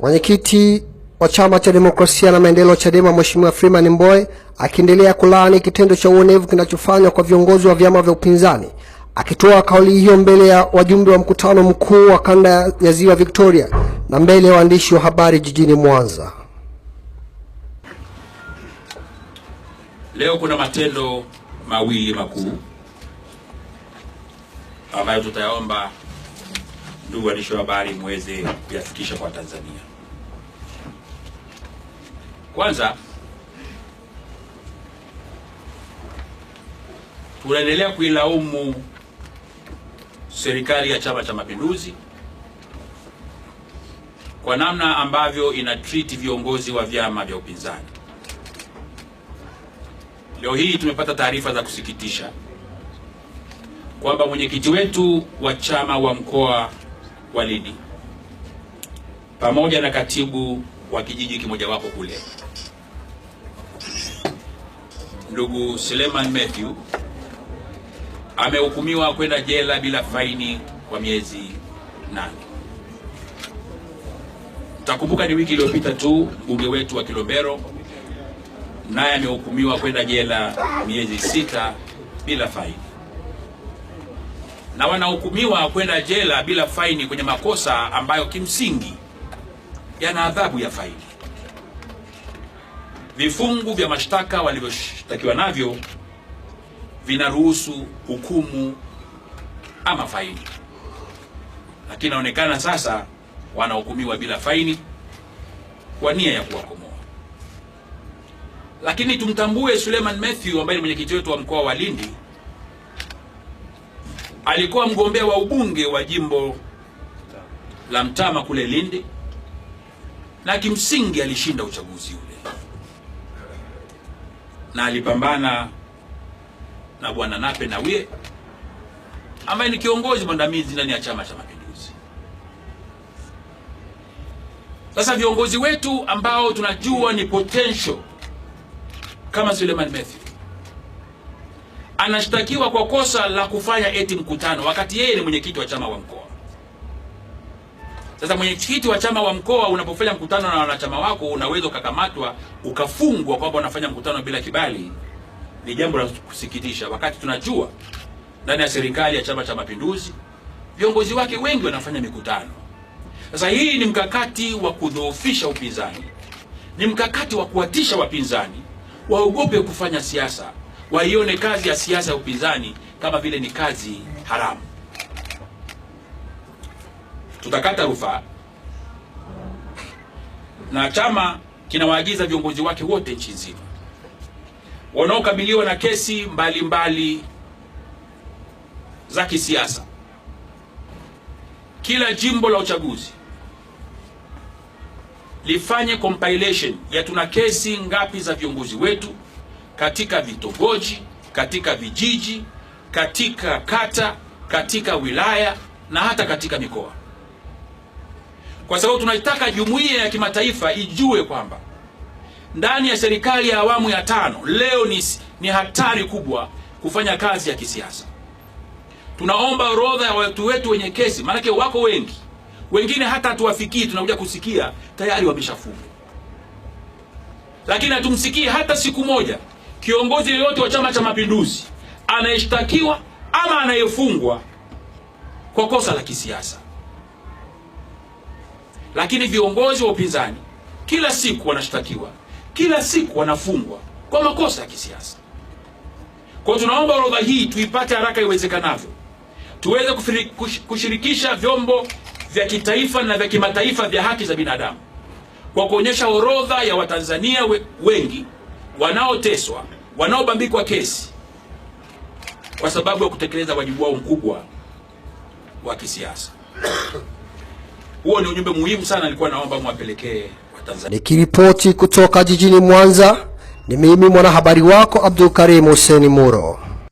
Mwenyekiti wa Chama cha Demokrasia na Maendeleo Chadema, Mheshimiwa Freeman Mbowe akiendelea kulaani kitendo cha uonevu kinachofanywa kwa viongozi wa vyama vya upinzani akitoa kauli hiyo mbele ya wajumbe wa mkutano mkuu wa kanda ya Ziwa Victoria na mbele ya waandishi wa habari jijini Mwanza. Leo kuna matendo mawili makuu ambayo tutayaomba ndugu waandishi wa habari, muweze kuyafikisha kwa Tanzania. Kwanza tunaendelea kuilaumu serikali ya Chama cha Mapinduzi kwa namna ambavyo treat viongozi wa vyama vya upinzani. Leo hii tumepata taarifa za kusikitisha kwamba mwenyekiti wetu wa chama wa mkoa Walidi pamoja na katibu wa kijiji kimojawapo kule ndugu Suleiman Matthew amehukumiwa kwenda jela bila faini kwa miezi nane. takumbuka ni wiki iliyopita tu mbunge wetu wa Kilombero naye amehukumiwa kwenda jela miezi sita bila faini na wanahukumiwa kwenda jela bila faini kwenye makosa ambayo kimsingi yana adhabu ya faini. Vifungu vya mashtaka walivyoshtakiwa navyo vinaruhusu hukumu ama faini, lakini inaonekana sasa wanahukumiwa bila faini kwa nia ya kuwakomoa. Lakini tumtambue Suleiman Mathew ambaye ni mwenyekiti wetu wa mkoa wa Lindi alikuwa mgombea wa ubunge wa jimbo la Mtama kule Lindi, na kimsingi alishinda uchaguzi ule na alipambana na bwana Nape Nnauye ambaye ni kiongozi mwandamizi ndani ya Chama cha Mapinduzi. Sasa viongozi wetu ambao tunajua ni potential kama Suleiman Mathew anashtakiwa kwa kosa la kufanya eti mkutano wakati yeye ni mwenyekiti wa chama wa mkoa. Sasa mwenyekiti wa chama wa mkoa unapofanya mkutano na wanachama wako, unaweza ukakamatwa ukafungwa kwamba unafanya mkutano bila kibali. Ni jambo la kusikitisha, wakati tunajua ndani ya serikali ya Chama cha Mapinduzi viongozi wake wengi wanafanya mikutano. Sasa hii ni mkakati wa kudhoofisha upinzani, ni mkakati wa kuwatisha wapinzani waogope kufanya siasa waione kazi ya siasa ya upinzani kama vile ni kazi haramu. Tutakata rufaa na chama kinawaagiza viongozi wake wote nchi nzima wanaokabiliwa na kesi mbalimbali mbali za kisiasa, kila jimbo la uchaguzi lifanye compilation ya tuna kesi ngapi za viongozi wetu katika vitongoji, katika vijiji, katika kata, katika wilaya na hata katika mikoa, kwa sababu tunaitaka jumuiya ya kimataifa ijue kwamba ndani ya serikali ya awamu ya tano leo ni, ni hatari kubwa kufanya kazi ya kisiasa. Tunaomba orodha ya watu wetu wenye kesi, maanake wako wengi, wengine hata hatuwafikii, tunakuja kusikia tayari wameshafungwa, lakini hatumsikii hata siku moja kiongozi yoyote wa Chama cha Mapinduzi anayeshtakiwa ama anayefungwa kwa kosa la kisiasa. Lakini viongozi wa upinzani kila siku wanashtakiwa, kila siku wanafungwa kwa makosa ya kisiasa. Kwa hiyo tunaomba orodha hii tuipate haraka iwezekanavyo, tuweze kushirikisha vyombo vya kitaifa na vya kimataifa vya haki za binadamu kwa kuonyesha orodha ya Watanzania wengi wanaoteswa, wanaobambikwa kesi kwa sababu ya kutekeleza wajibu wao mkubwa wa kisiasa. Huo ni ujumbe muhimu sana nilikuwa naomba mwapelekee Watanzania. Nikiripoti kutoka jijini Mwanza, ni mimi mwanahabari wako Abdul Karim Hussein Muro.